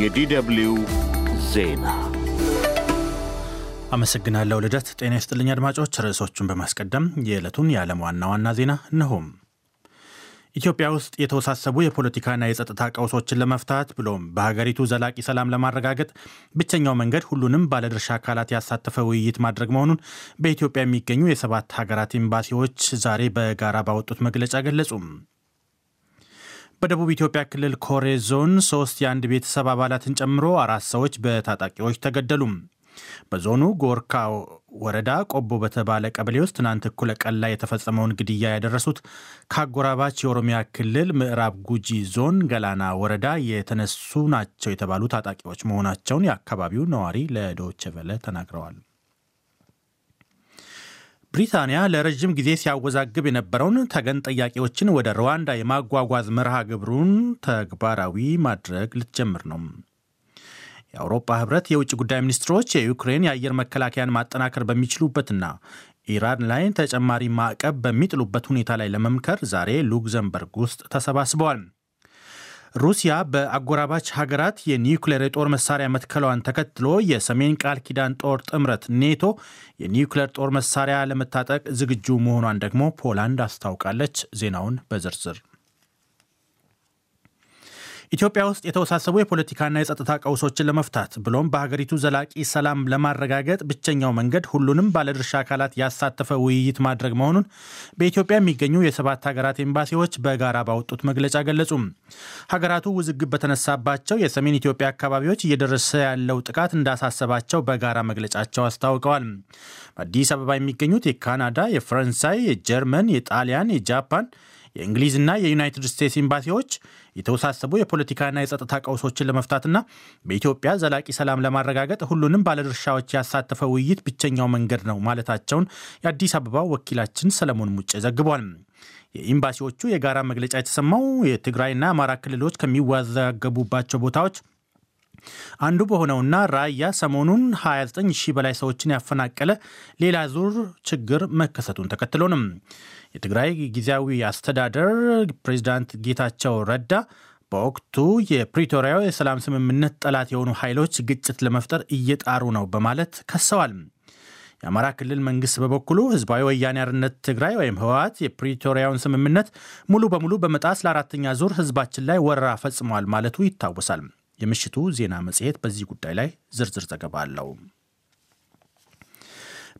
የዲደብልዩ ዜና አመሰግናለሁ ልደት። ጤና ይስጥልኝ አድማጮች። ርዕሶቹን በማስቀደም የዕለቱን የዓለም ዋና ዋና ዜና እነሆም። ኢትዮጵያ ውስጥ የተወሳሰቡ የፖለቲካና የጸጥታ ቀውሶችን ለመፍታት ብሎም በሀገሪቱ ዘላቂ ሰላም ለማረጋገጥ ብቸኛው መንገድ ሁሉንም ባለድርሻ አካላት ያሳተፈ ውይይት ማድረግ መሆኑን በኢትዮጵያ የሚገኙ የሰባት ሀገራት ኤምባሲዎች ዛሬ በጋራ ባወጡት መግለጫ ገለጹም። በደቡብ ኢትዮጵያ ክልል ኮሬ ዞን ሶስት የአንድ ቤተሰብ አባላትን ጨምሮ አራት ሰዎች በታጣቂዎች ተገደሉም። በዞኑ ጎርካ ወረዳ ቆቦ በተባለ ቀበሌ ውስጥ ትናንት እኩለ ቀን ላይ የተፈጸመውን ግድያ ያደረሱት ከአጎራባች የኦሮሚያ ክልል ምዕራብ ጉጂ ዞን ገላና ወረዳ የተነሱ ናቸው የተባሉ ታጣቂዎች መሆናቸውን የአካባቢው ነዋሪ ለዶይቼ ቬለ ተናግረዋል። ብሪታንያ ለረዥም ጊዜ ሲያወዛግብ የነበረውን ተገን ጠያቂዎችን ወደ ሩዋንዳ የማጓጓዝ መርሃ ግብሩን ተግባራዊ ማድረግ ልትጀምር ነው። የአውሮፓ ህብረት የውጭ ጉዳይ ሚኒስትሮች የዩክሬን የአየር መከላከያን ማጠናከር በሚችሉበትና ኢራን ላይ ተጨማሪ ማዕቀብ በሚጥሉበት ሁኔታ ላይ ለመምከር ዛሬ ሉክዘምበርግ ውስጥ ተሰባስበዋል። ሩሲያ በአጎራባች ሀገራት የኒውክሌር የጦር መሳሪያ መትከሏን ተከትሎ የሰሜን ቃል ኪዳን ጦር ጥምረት ኔቶ የኒውክሌር ጦር መሳሪያ ለመታጠቅ ዝግጁ መሆኗን ደግሞ ፖላንድ አስታውቃለች። ዜናውን በዝርዝር ኢትዮጵያ ውስጥ የተወሳሰቡ የፖለቲካና የጸጥታ ቀውሶችን ለመፍታት ብሎም በሀገሪቱ ዘላቂ ሰላም ለማረጋገጥ ብቸኛው መንገድ ሁሉንም ባለድርሻ አካላት ያሳተፈ ውይይት ማድረግ መሆኑን በኢትዮጵያ የሚገኙ የሰባት ሀገራት ኤምባሲዎች በጋራ ባወጡት መግለጫ ገለጹ። ሀገራቱ ውዝግብ በተነሳባቸው የሰሜን ኢትዮጵያ አካባቢዎች እየደረሰ ያለው ጥቃት እንዳሳሰባቸው በጋራ መግለጫቸው አስታውቀዋል። በአዲስ አበባ የሚገኙት የካናዳ፣ የፈረንሳይ፣ የጀርመን፣ የጣሊያን፣ የጃፓን የእንግሊዝና የዩናይትድ ስቴትስ ኤምባሲዎች የተወሳሰቡ የፖለቲካና የጸጥታ ቀውሶችን ለመፍታትና በኢትዮጵያ ዘላቂ ሰላም ለማረጋገጥ ሁሉንም ባለድርሻዎች ያሳተፈ ውይይት ብቸኛው መንገድ ነው ማለታቸውን የአዲስ አበባው ወኪላችን ሰለሞን ሙጬ ዘግቧል። የኤምባሲዎቹ የጋራ መግለጫ የተሰማው የትግራይና አማራ ክልሎች ከሚዋዘገቡባቸው ቦታዎች አንዱ በሆነውና ራያ ሰሞኑን 29 ሺህ በላይ ሰዎችን ያፈናቀለ ሌላ ዙር ችግር መከሰቱን ተከትሎ ነው። የትግራይ ጊዜያዊ አስተዳደር ፕሬዚዳንት ጌታቸው ረዳ በወቅቱ የፕሪቶሪያው የሰላም ስምምነት ጠላት የሆኑ ኃይሎች ግጭት ለመፍጠር እየጣሩ ነው በማለት ከሰዋል። የአማራ ክልል መንግስት በበኩሉ ህዝባዊ ወያኔ ሓርነት ትግራይ ወይም ህወሓት የፕሪቶሪያውን ስምምነት ሙሉ በሙሉ በመጣስ ለአራተኛ ዙር ህዝባችን ላይ ወረራ ፈጽሟል ማለቱ ይታወሳል። የምሽቱ ዜና መጽሔት በዚህ ጉዳይ ላይ ዝርዝር ዘገባ አለው።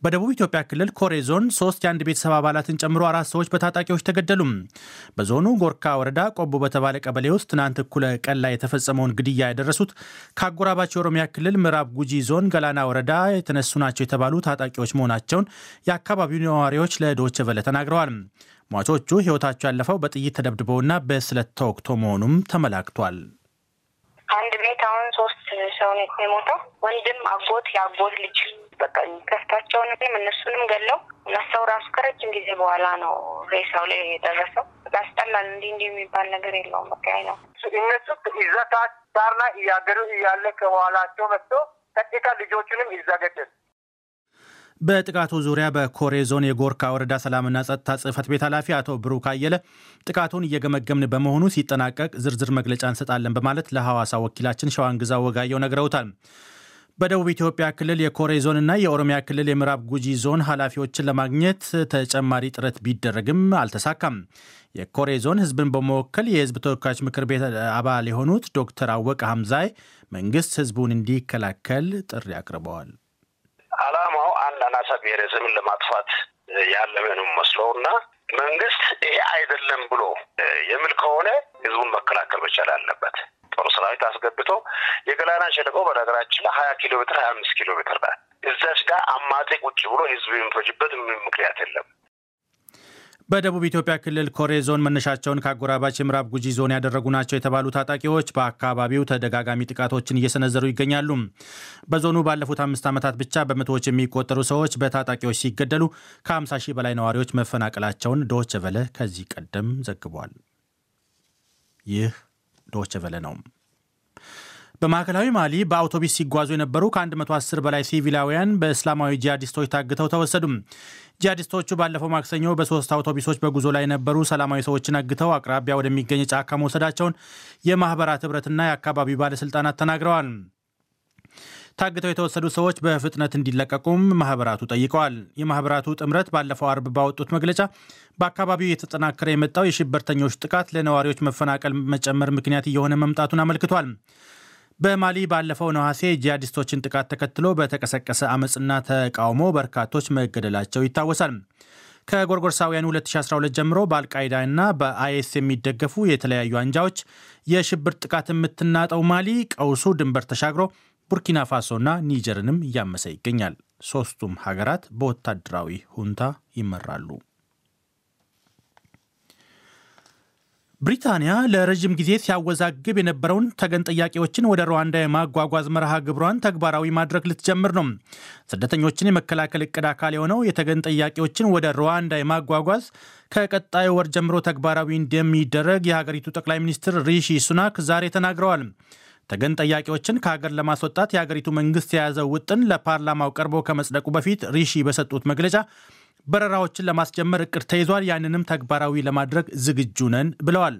በደቡብ ኢትዮጵያ ክልል ኮሬ ዞን ሶስት የአንድ ቤተሰብ አባላትን ጨምሮ አራት ሰዎች በታጣቂዎች ተገደሉም። በዞኑ ጎርካ ወረዳ ቆቦ በተባለ ቀበሌ ውስጥ ትናንት እኩለ ቀን ላይ የተፈጸመውን ግድያ ያደረሱት ከአጎራባች የኦሮሚያ ክልል ምዕራብ ጉጂ ዞን ገላና ወረዳ የተነሱ ናቸው የተባሉ ታጣቂዎች መሆናቸውን የአካባቢው ነዋሪዎች ለዶይቼ ተናግረዋል። ሟቾቹ ሕይወታቸው ያለፈው በጥይት ተደብድበውና በስለት ተወቅቶ መሆኑም ተመላክቷል። አንድ ቤት አሁን ሶስት ሰው ነው የሞተው ወንድም፣ አጎት፣ የአጎት ልጅ በቃ ከፍታቸውንም እነሱንም ገለው እና ራሱ ከረጅም ጊዜ በኋላ ነው ሬሳው ላይ የደረሰው። ያስጠላል። እንዲህ እንዲህ የሚባል ነገር የለውም። በቃ ነው እነሱ ይዘታ ታች ዳር እያገሩ እያለ ከኋላቸው መጥቶ ቀጥታ ልጆቹንም ይዘገደል በጥቃቱ ዙሪያ በኮሬ ዞን የጎርካ ወረዳ ሰላምና ጸጥታ ጽህፈት ቤት ኃላፊ አቶ ብሩክ አየለ ጥቃቱን እየገመገምን በመሆኑ ሲጠናቀቅ ዝርዝር መግለጫ እንሰጣለን በማለት ለሐዋሳ ወኪላችን ሸዋንግዛ ወጋየው ነግረውታል። በደቡብ ኢትዮጵያ ክልል የኮሬ ዞንና የኦሮሚያ ክልል የምዕራብ ጉጂ ዞን ኃላፊዎችን ለማግኘት ተጨማሪ ጥረት ቢደረግም አልተሳካም። የኮሬ ዞን ህዝብን በመወከል የህዝብ ተወካዮች ምክር ቤት አባል የሆኑት ዶክተር አወቅ ሀምዛይ መንግስት ህዝቡን እንዲከላከል ጥሪ አቅርበዋል። የራሳ ብሔረሰብን ለማጥፋት ያለመ ነው መስለው እና መንግስት ይሄ አይደለም ብሎ የሚል ከሆነ ህዝቡን መከላከል መቻል አለበት። ጦር ሰራዊት አስገብቶ የገላና ሸለቆ በነገራችን ላይ ሀያ ኪሎ ሜትር ሀያ አምስት ኪሎ ሜትር ናት። እዛች ጋር አማጼ ቁጭ ብሎ ህዝብ የሚፈጅበት ምንም ምክንያት የለም። በደቡብ ኢትዮጵያ ክልል ኮሬ ዞን መነሻቸውን ከአጎራባች የምዕራብ ጉጂ ዞን ያደረጉ ናቸው የተባሉ ታጣቂዎች በአካባቢው ተደጋጋሚ ጥቃቶችን እየሰነዘሩ ይገኛሉ። በዞኑ ባለፉት አምስት ዓመታት ብቻ በመቶዎች የሚቆጠሩ ሰዎች በታጣቂዎች ሲገደሉ ከ50 ሺህ በላይ ነዋሪዎች መፈናቀላቸውን ዶቸቨለ ከዚህ ቀደም ዘግቧል። ይህ ዶቸቨለ ነው። በማዕከላዊ ማሊ በአውቶቡስ ሲጓዙ የነበሩ ከ110 በላይ ሲቪላውያን በእስላማዊ ጂሃዲስቶች ታግተው ተወሰዱም። ጂሃዲስቶቹ ባለፈው ማክሰኞ በሶስት አውቶቡሶች በጉዞ ላይ የነበሩ ሰላማዊ ሰዎችን አግተው አቅራቢያ ወደሚገኝ ጫካ መውሰዳቸውን የማኅበራት ኅብረትና የአካባቢው ባለሥልጣናት ተናግረዋል። ታግተው የተወሰዱ ሰዎች በፍጥነት እንዲለቀቁም ማኅበራቱ ጠይቀዋል። የማኅበራቱ ጥምረት ባለፈው አርብ ባወጡት መግለጫ በአካባቢው እየተጠናከረ የመጣው የሽብርተኞች ጥቃት ለነዋሪዎች መፈናቀል መጨመር ምክንያት እየሆነ መምጣቱን አመልክቷል። በማሊ ባለፈው ነሐሴ ጂሃዲስቶችን ጥቃት ተከትሎ በተቀሰቀሰ አመፅና ተቃውሞ በርካቶች መገደላቸው ይታወሳል። ከጎርጎርሳውያኑ 2012 ጀምሮ በአልቃይዳ እና በአይኤስ የሚደገፉ የተለያዩ አንጃዎች የሽብር ጥቃት የምትናጠው ማሊ ቀውሱ ድንበር ተሻግሮ ቡርኪና ፋሶና ኒጀርንም እያመሰ ይገኛል። ሶስቱም ሀገራት በወታደራዊ ሁንታ ይመራሉ። ብሪታንያ ለረዥም ጊዜ ሲያወዛግብ የነበረውን ተገን ጥያቄዎችን ወደ ሩዋንዳ የማጓጓዝ መርሃ ግብሯን ተግባራዊ ማድረግ ልትጀምር ነው። ስደተኞችን የመከላከል እቅድ አካል የሆነው የተገን ጥያቄዎችን ወደ ሩዋንዳ የማጓጓዝ ከቀጣዩ ወር ጀምሮ ተግባራዊ እንደሚደረግ የሀገሪቱ ጠቅላይ ሚኒስትር ሪሺ ሱናክ ዛሬ ተናግረዋል። ተገን ጠያቄዎችን ከሀገር ለማስወጣት የሀገሪቱ መንግስት የያዘው ውጥን ለፓርላማው ቀርቦ ከመጽደቁ በፊት ሪሺ በሰጡት መግለጫ በረራዎችን ለማስጀመር እቅድ ተይዟል። ያንንም ተግባራዊ ለማድረግ ዝግጁ ነን ብለዋል።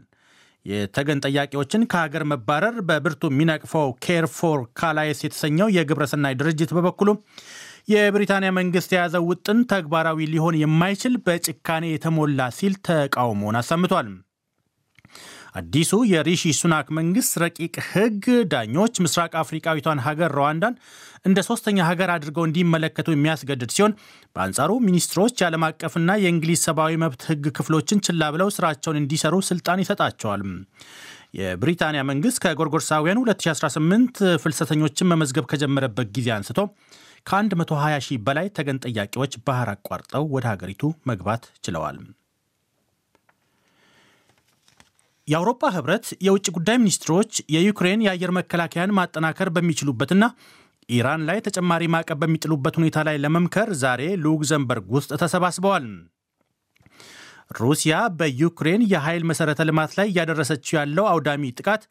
የተገን ጠያቂዎችን ከሀገር መባረር በብርቱ የሚነቅፈው ኬር ፎር ካላየስ የተሰኘው የግብረስናይ ድርጅት በበኩሉ የብሪታንያ መንግስት የያዘው ውጥን ተግባራዊ ሊሆን የማይችል በጭካኔ የተሞላ ሲል ተቃውሞውን አሰምቷል። አዲሱ የሪሺ ሱናክ መንግስት ረቂቅ ህግ ዳኞች ምስራቅ አፍሪካዊቷን ሀገር ሩዋንዳን እንደ ሶስተኛ ሀገር አድርገው እንዲመለከቱ የሚያስገድድ ሲሆን፣ በአንጻሩ ሚኒስትሮች የዓለም አቀፍና የእንግሊዝ ሰብአዊ መብት ህግ ክፍሎችን ችላ ብለው ስራቸውን እንዲሰሩ ስልጣን ይሰጣቸዋል። የብሪታንያ መንግስት ከጎርጎርሳውያን 2018 ፍልሰተኞችን መመዝገብ ከጀመረበት ጊዜ አንስቶ ከ120 ሺህ በላይ ተገን ጠያቂዎች ባህር አቋርጠው ወደ ሀገሪቱ መግባት ችለዋል። የአውሮፓ ህብረት የውጭ ጉዳይ ሚኒስትሮች የዩክሬን የአየር መከላከያን ማጠናከር በሚችሉበትና ኢራን ላይ ተጨማሪ ማዕቀብ በሚጥሉበት ሁኔታ ላይ ለመምከር ዛሬ ሉክዘምበርግ ውስጥ ተሰባስበዋል። ሩሲያ በዩክሬን የኃይል መሠረተ ልማት ላይ እያደረሰችው ያለው አውዳሚ ጥቃት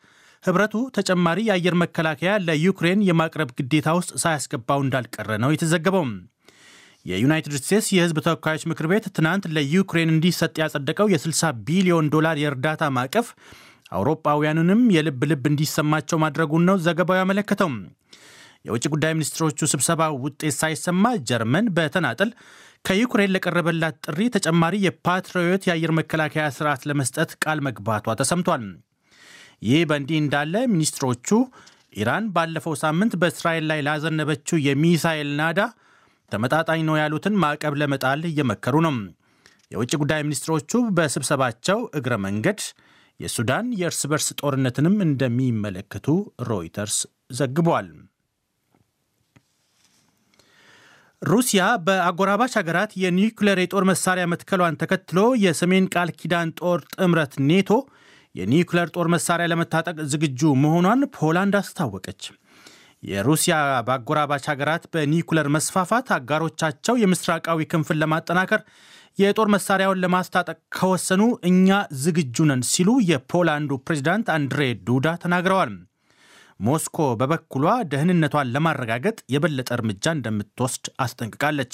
ህብረቱ ተጨማሪ የአየር መከላከያ ለዩክሬን የማቅረብ ግዴታ ውስጥ ሳያስገባው እንዳልቀረ ነው የተዘገበው። የዩናይትድ ስቴትስ የህዝብ ተወካዮች ምክር ቤት ትናንት ለዩክሬን እንዲሰጥ ያጸደቀው የ60 ቢሊዮን ዶላር የእርዳታ ማዕቀፍ አውሮጳውያንንም የልብ ልብ እንዲሰማቸው ማድረጉን ነው ዘገባው ያመለከተው። የውጭ ጉዳይ ሚኒስትሮቹ ስብሰባ ውጤት ሳይሰማ ጀርመን በተናጠል ከዩክሬን ለቀረበላት ጥሪ ተጨማሪ የፓትሪዮት የአየር መከላከያ ስርዓት ለመስጠት ቃል መግባቷ ተሰምቷል። ይህ በእንዲህ እንዳለ ሚኒስትሮቹ ኢራን ባለፈው ሳምንት በእስራኤል ላይ ላዘነበችው የሚሳኤል ናዳ ተመጣጣኝ ነው ያሉትን ማዕቀብ ለመጣል እየመከሩ ነው። የውጭ ጉዳይ ሚኒስትሮቹ በስብሰባቸው እግረ መንገድ የሱዳን የእርስ በርስ ጦርነትንም እንደሚመለከቱ ሮይተርስ ዘግቧል። ሩሲያ በአጎራባች ሀገራት የኒውክሌር የጦር መሳሪያ መትከሏን ተከትሎ የሰሜን ቃል ኪዳን ጦር ጥምረት ኔቶ የኒውክሌር ጦር መሳሪያ ለመታጠቅ ዝግጁ መሆኗን ፖላንድ አስታወቀች። የሩሲያ በአጎራባች ሀገራት በኒኩለር መስፋፋት አጋሮቻቸው የምስራቃዊ ክንፍን ለማጠናከር የጦር መሳሪያውን ለማስታጠቅ ከወሰኑ እኛ ዝግጁ ነን ሲሉ የፖላንዱ ፕሬዚዳንት አንድሬ ዱዳ ተናግረዋል። ሞስኮ በበኩሏ ደህንነቷን ለማረጋገጥ የበለጠ እርምጃ እንደምትወስድ አስጠንቅቃለች።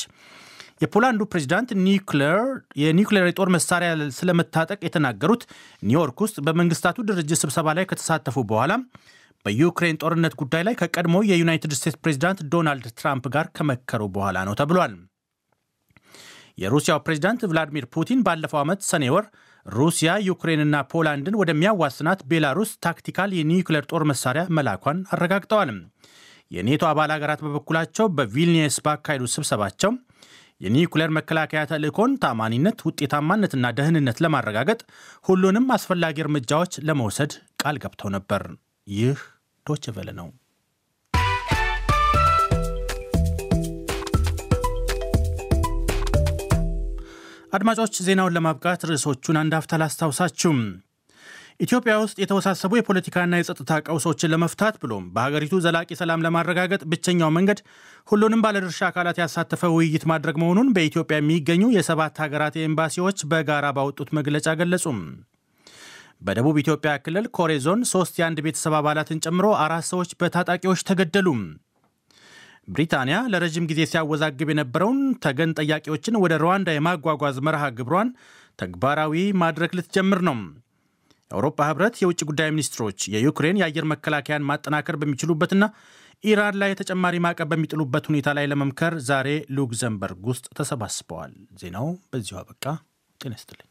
የፖላንዱ ፕሬዚዳንት የኒውክሌር የጦር መሳሪያ ስለመታጠቅ የተናገሩት ኒውዮርክ ውስጥ በመንግስታቱ ድርጅት ስብሰባ ላይ ከተሳተፉ በኋላ በዩክሬን ጦርነት ጉዳይ ላይ ከቀድሞ የዩናይትድ ስቴትስ ፕሬዚዳንት ዶናልድ ትራምፕ ጋር ከመከሩ በኋላ ነው ተብሏል። የሩሲያው ፕሬዚዳንት ቭላዲሚር ፑቲን ባለፈው ዓመት ሰኔ ወር ሩሲያ ዩክሬንና ፖላንድን ወደሚያዋስናት ቤላሩስ ታክቲካል የኒውክሌር ጦር መሳሪያ መላኳን አረጋግጠዋል። የኔቶ አባል ሀገራት በበኩላቸው በቪልኒየስ ባካሄዱ ስብሰባቸው የኒውክሌር መከላከያ ተልእኮን ታማኒነት፣ ውጤታማነትና ደህንነት ለማረጋገጥ ሁሉንም አስፈላጊ እርምጃዎች ለመውሰድ ቃል ገብተው ነበር። ይህ ዶችቨለ ነው። አድማጮች ዜናውን ለማብቃት ርዕሶቹን አንድ አፍታ ላስታውሳችሁም። ኢትዮጵያ ውስጥ የተወሳሰቡ የፖለቲካና የጸጥታ ቀውሶችን ለመፍታት ብሎም በሀገሪቱ ዘላቂ ሰላም ለማረጋገጥ ብቸኛው መንገድ ሁሉንም ባለድርሻ አካላት ያሳተፈ ውይይት ማድረግ መሆኑን በኢትዮጵያ የሚገኙ የሰባት ሀገራት ኤምባሲዎች በጋራ ባወጡት መግለጫ ገለጹም። በደቡብ ኢትዮጵያ ክልል ኮሬ ዞን ሶስት የአንድ ቤተሰብ አባላትን ጨምሮ አራት ሰዎች በታጣቂዎች ተገደሉ። ብሪታንያ ለረዥም ጊዜ ሲያወዛግብ የነበረውን ተገን ጠያቂዎችን ወደ ሩዋንዳ የማጓጓዝ መርሃ ግብሯን ተግባራዊ ማድረግ ልትጀምር ነው። የአውሮፓ ህብረት የውጭ ጉዳይ ሚኒስትሮች የዩክሬን የአየር መከላከያን ማጠናከር በሚችሉበትና ኢራን ላይ ተጨማሪ ማዕቀብ በሚጥሉበት ሁኔታ ላይ ለመምከር ዛሬ ሉክዘምበርግ ውስጥ ተሰባስበዋል። ዜናው በዚሁ አበቃ። ጤና ይስጥልኝ።